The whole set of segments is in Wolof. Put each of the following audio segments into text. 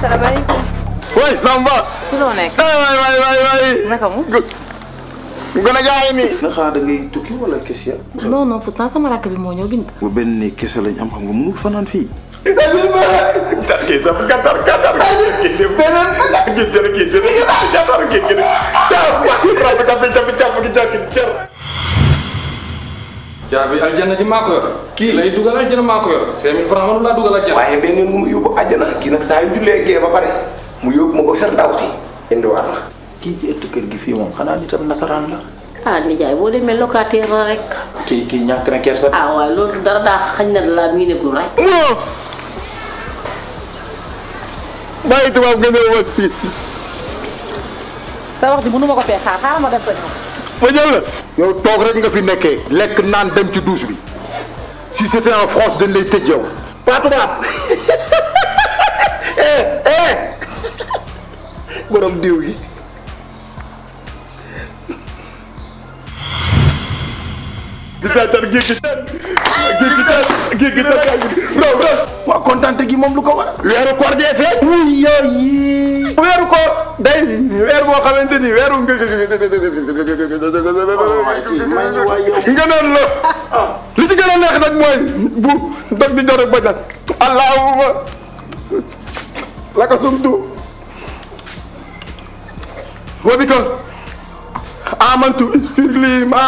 salaamaaleykum. woy Samba. ci loo nekk. waay waay waay waay. naka mu. gën a gaaw nii. nga xanaa ngay tukki wala kese ya. non non pourtant sama rakk bi moo ñëw bind. bu benn ne kese lañ am xam nga mënul fanaan fii. caabi aljanna ji maa ko yor. kii lay dugal aljanna maa ko yor. 5000 francs mënu laa dugal aljanna. waaye benn mu yóbbu aljanna kii nag saa yu jullee gee ba pare mu yóbbu ma ba Firdawsi indiwaat ma. kii ci kër gi fii moom xanaa nitam nasaraan la. ah nijaay boo demee locataire la kii kii ñàkk na kersa. ah waaw loolu dara daa xañ na laa mii nekkul rek. non. bàyyi tubaab nga ñëw wax fii. wax ji mënu ma ko fee xaar xaaral ma def sa ma jël la. yow toog rek nga fi nekkee. lekk naan dem ci douche bi si c'était en France dañ lay tëj yow. waa tubaab eh eh borom diw gi. di saa car géej gi car géej raw raw. waa kontaan gi moom lu ko war weeru koor dee fee. wuy yooyu. tey weer boo xamante ni weeru nga nga naan la li ci gën a neex nag mooy bu dog di jot ba jot allahuma laka sumtu wa bika amantu isfir li ma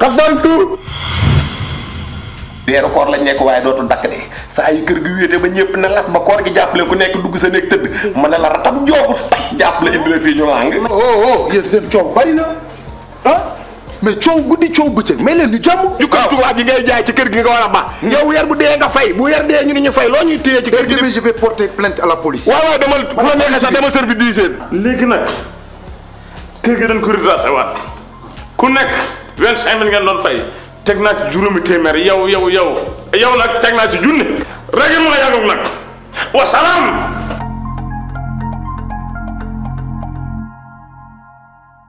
qaddamtu weeru koor lañ nekk waaye dootul dakk de saa yu kër gi wéete ba ñëpp ne las ba koor gi jàppale ku nekk dugg sa nekk tëdd ma ne la ratam joogu taj jàppale ñu làng oh, oh, oh ah, leen gi nga a baax hmm. yow weer bu dee nga fay bu ñu fay loo ñuy téye ci kër gi je vais porter plainte à la police waaw waaw demal fu la ku nekk vingt-cinq ngeen doon fay teg naa ci juróomi téeméer yow yow yow yow nag teg naa ci junne rek moo yàggoog nag wasalaam